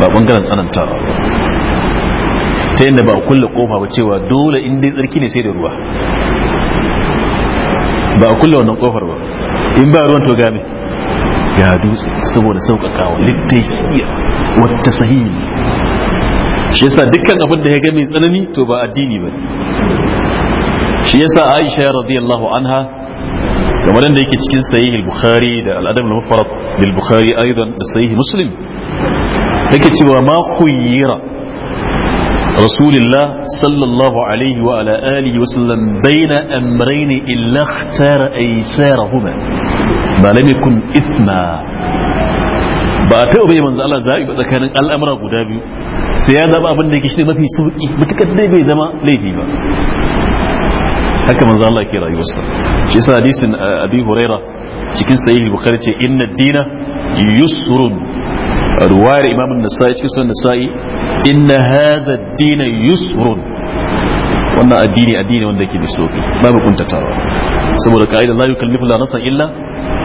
ba bangaren tsananta ta yadda ba kulle kofa ba cewa dole in dai tsarki ne sai da ruwa ba a kulle wannan kofar ba in ba ruwan to gami ya dutse saboda sauƙaƙawa siya wata sahihi. shi yasa dukkan abin da ya gami tsanani to ba addini ba shi yasa aisha radiyallahu anha kamar da yake cikin sahih al-bukhari da al-adab al-mufrad bil bukhari aidan da sahih muslim yake cewa ma khuyyira rasulullah sallallahu alaihi wa ala alihi wa sallam baina amrayni illa ikhtara aysarahuma ba lam yakun ithma ba ta ubai manzo Allah zabi ba tsakanin al'amura guda biyu sai ya zaba abin da yake shi mafi sauki mutakar dai bai zama laifi ba haka manzo Allah yake rayuwarsa shi sa hadisin eh, abi huraira cikin sahih bukhari ce inna dina yusrun ruwayar imam an-nasa'i cikin sunan nasa'i inna hadha ad-dina yusrun wannan addini addini wanda yake da sauki babu kuntatawa saboda ka'ida la yukallifu la nafsan illa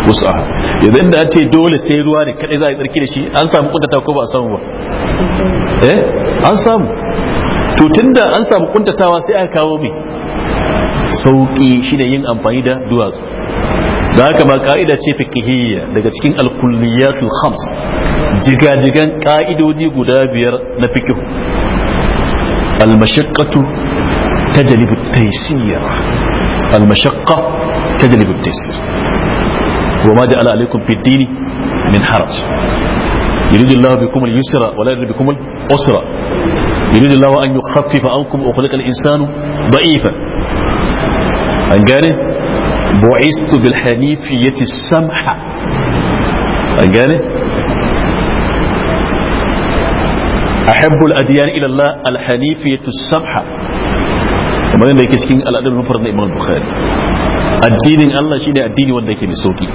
wus'aha yanzu inda an ce dole sai ruwa ne kadai za a yi tsarki da shi an samu kuntatawa ko ba a samu ba eh an samu to tunda an samu kuntatawa sai aka kawo mai sauki shine yin amfani da duwatsu da haka ma ka'ida ce fiqhiyya daga cikin al-kulliyatul khams jigajigan ka'idoji guda biyar na fiqh al-mashaqqatu tajlibu at-taysir al-mashaqqa tajlibu at-taysir wa ma ja'ala alaykum fid-din min haraj yuridu Allahu bikum al-yusra wa la yuridu bikum al-usra yuridu Allahu an yukhaffifa ankum wa khalaqa al-insanu an gane bu'istu bil hanifiyati samha an gane ahabbu al adyan ila Allah al hanifiyatu samha kamar yadda yake cikin al'adar mafar na Imam Bukhari addinin Allah shine addini wanda yake da sauki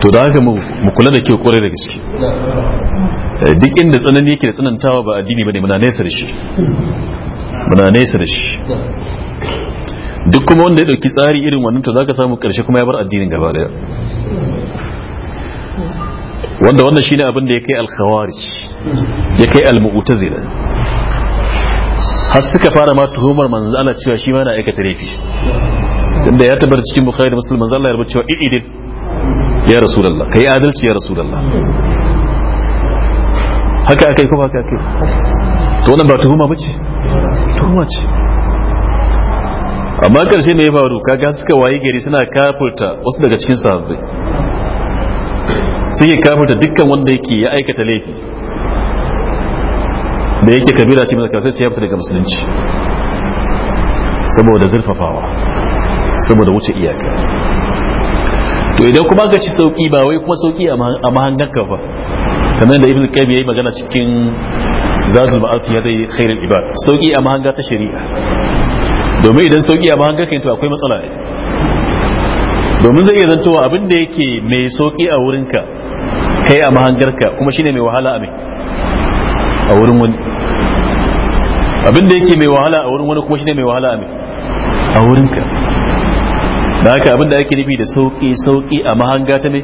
to da haka mu kula da kyau kwarai da gaske Eh, duk inda tsanani yake da tsanantawa ba addini bane muna nesa da shi muna nesa da shi duk kuma wanda ya dauki tsari irin wannan to zaka samu karshe kuma ya bar addinin gaba daya wanda wannan shine abin da ya kai al-khawarij ya kai al-mu'tazila har suka fara ma tuhumar manzo Allah cewa shi ma na aikata laifi da ya tabbata cikin bukhari da muslim manzo Allah ya rubuta cewa i'idil ya rasulullah kai adalci ya rasulullah haka akai kuma haka akai to wannan ba tuhuma bace tuhuma ce amma karshe ne ya faru kaga suka waye gari suna kafurta wasu daga cikin sahabbai suke kafurta dukkan wanda yake ya aikata laifi da yake kabila ce mai kasance ya fita daga musulunci saboda zurfafawa saboda wuce iyaka to idan kuma ka ci sauki ba wai kuma sauki a mahanganka ba kamar da ibn qayyim yayi magana cikin zazul ma'ad ya dai khairul ibad sauki a mahanga ta shari'a domin idan sauki a mahanga kai to akwai matsala ne domin zai iya zantowa abin da yake mai sauki a wurinka kai a mahangarka kuma shine mai wahala a mai a wurin wani abin da yake mai wahala a wurin wani kuma shine mai wahala a mai a wurinka da haka abin da ake nufi da sauki sauki a mahanga ta ne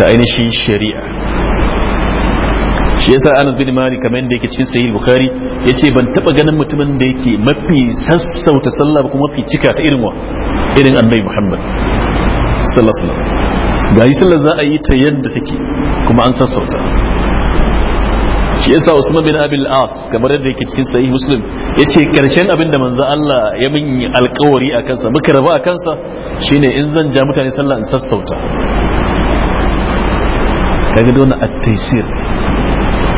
ta ainihin shari'a shi yasa anas bin malik kamar yadda yake cikin sahih bukhari yace ban taba ganin mutumin da yake mafi sassauta sallah ba kuma mafi cika ta irin wa irin annabi muhammad sallallahu alaihi wasallam ga sallar za a yi ta yadda take kuma an sassauta shi yasa usman bin abil as kamar yadda yake cikin sahih muslim yace karshen abin da manzo Allah ya min alkawari a kansa muka rabu a kansa shine in zan ja mutane sallah in sassauta kaga dole at-taysir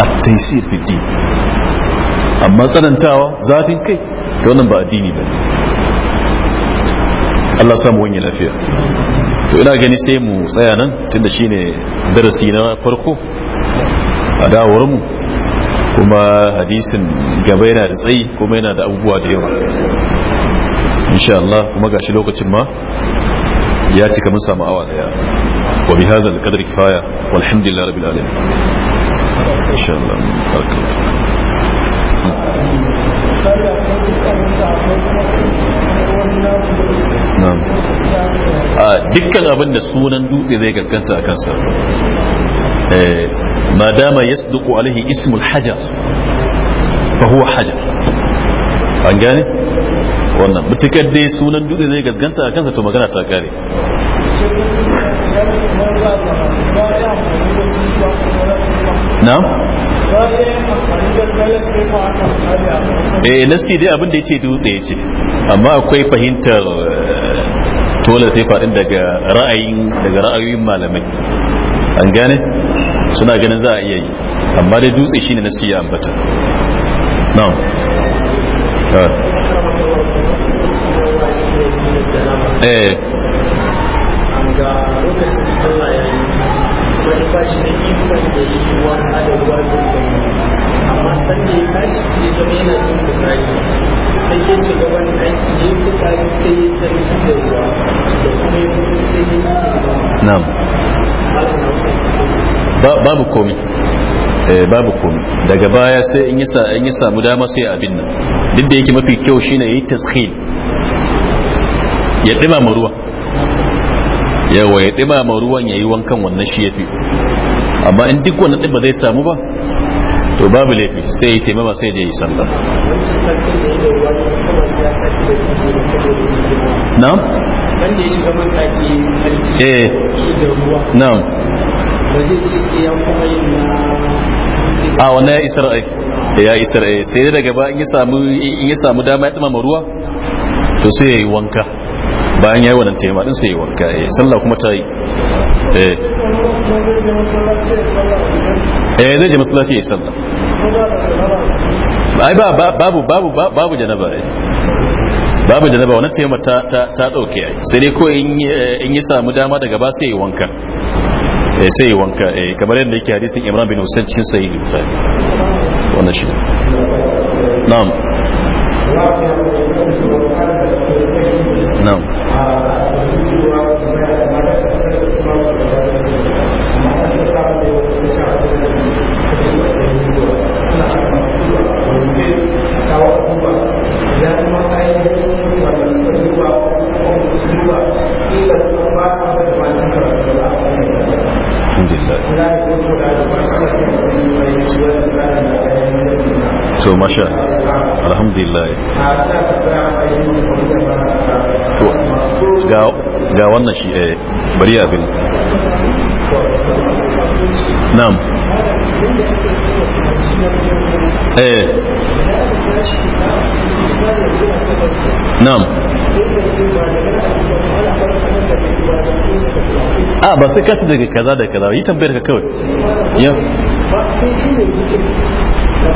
at-taysir fi din amma tsanantawa zafin kai da wannan ba addini bane Allah samu wani lafiya to ina gani sai mu tsaya nan tunda shine darasi na farko a dawowar mu kuma hadisin gaba yana da tsayi kuma yana da abubuwa da yawa insha Allah kuma gashi lokacin ma ya cika mun samu awa daya wa bihazal qadri kifaya walhamdulillahi rabbil alamin insha Allah ah, dukkan abin da sunan dutse zai gaskanta a kansa eh, ma dama yasduqu alaihi ismul hajar fa huwa hajar an gane wannan mutukar dai sunan dutse zai gaskanta a kansa to magana ta kare na eh dai abin da yace dutse ce amma akwai fahimtar eh, tola sai faɗin daga ra'ayin daga ra'ayoyin malamai an gane suna ganin za a iya yi amma dai dutse shine ne ya ambata na'am ah. eh ga da yiwuwa a da wajen amma san da ya tashi ya zama yana cin bukari sai ya shiga wani aiki ya yi bukari sai ya tsarki da ruwa da kuma ya mutu sai ya yi na'am babu komi eh, babu komi daga baya sai in yi samu dama sai abin nan duk da yake mafi kyau shine yi taskhil ya dima ruwa yawa ya dima ruwan yayi wankan wannan shi yafi amma in duk wannan din ba zai samu ba to babu laifi sai ya taimama sai je yi sallah na'am da ya shiga mataki eh na'am ba ah, zai ce sai ya kuma yin na a wannan ya isar ai eh, ya isar ai eh. sai dai daga ba in ya samu in ya samu dama ya dumama ruwa to sai ya yi wanka bayan ya yi wannan taimama din sai ya yi wanka eh sallah kuma ta yi eh eh zai je masallaci ya sallah ai ba babu babu babu janaba eh. babu janaba wannan tema ta ta dauke ai eh. sai dai ko in yi eh, samu dama daga ba sai yi wanka eh sai yi wanka eh kamar yadda yake hadisin Imran bin Hussein cikin sahihi wannan shi na'am to masha alhamdulillah to ga wannan shi eh bari abin na'am eh na'am a ah, ba sai kasu daga kaza da kaza yi tambayar ka kawai نعم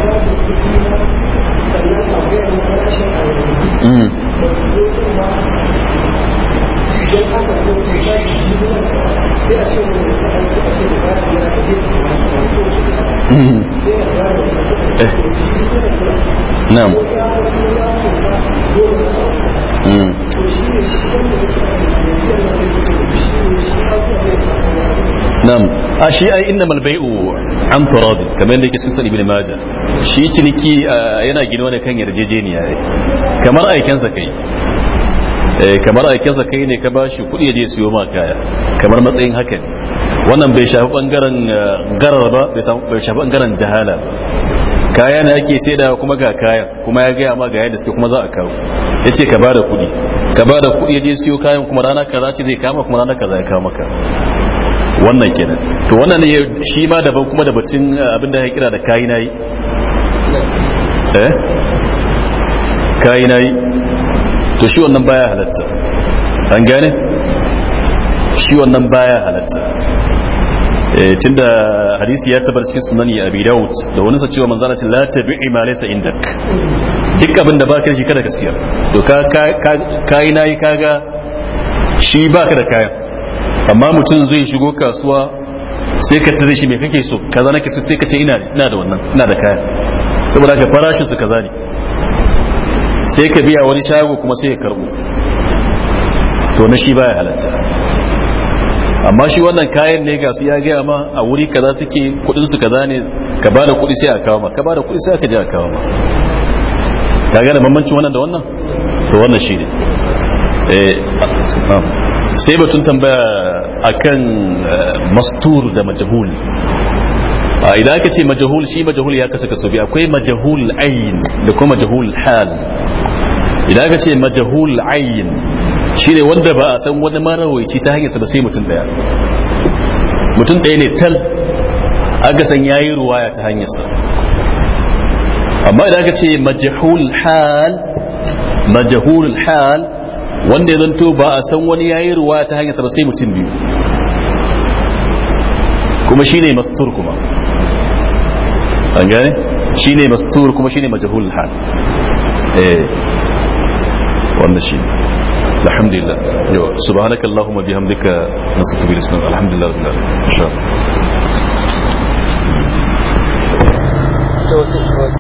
نعم أشياء إنما البيع عن تراضي كمان لك اسم ابن ماجه shi ciniki yana gino ne kan yarjejeniya kamar aikensa kai eh, kamar aikensa kai ne ka bashi kuɗi je siyo ma kaya kamar matsayin haka ne wannan bai shafi bangaren garar ba bai shafi bangaren jahala ba kaya ne ake saida kuma ga kayan kuma ya gaya ma ga yadda suke kuma za a kawo ya ce ka bada kuɗi ka bada kuɗi ya je siyo kayan kuma rana kaza ce zai kama kuma rana kaza ya kawo maka wannan kenan to wannan ne shi ma daban kuma da batun abin da ya kira da kayi nayi eh kayi yi to shi wannan baya halatta an gane shi wannan baya halatta eh, tunda hadisi ya tabar cikin sunani abi dawud da wani sa cewa manzana ce la tabi'i ma laysa indak duk abin da baka shi kada ka siyar to ka kai nayi kaga shi baka da kayan amma mutum zai shigo kasuwa sai ka tare shi me kake so kaza nake so sai ka ce ina da wannan ina da kayan saboda ka farashin su kaza ne sai ka biya wani shago kuma sai ya karbo to na shi baya halatta amma shi wannan kayan ne ga su ya gaya ma a wuri kaza suke kudin su kaza ne ka ba da kudi sai a kawo ma ka ba da kudi sai aka je a kawo ma ka gane bambancin wannan da wannan to wannan shi ne eh, sai batun tambaya akan eh, mastur da majhul idan aka ce majahul shi majahul ya kasa kaso biyu akwai majahul ayin da kuma majahul hal idan aka ce majahul ayin ne wanda ba a san wani marawaici ta hanyar ba sai mutum daya mutum daya ne tal aka san yayi ruwaya ta hanyarsa amma idan aka ce majahul hal majahul hal wanda ya zanto ba a san wani yayi ruwaya ta hanyarsa ba sai mutum biyu kuma shine mastur kuma an gane shi ne mastur kuma shi ne majahul hal eh wannan shi alhamdulillah yau subhanaka allahumma bihamdika nasu lisan alhamdulillah rabbil alamin insha Allah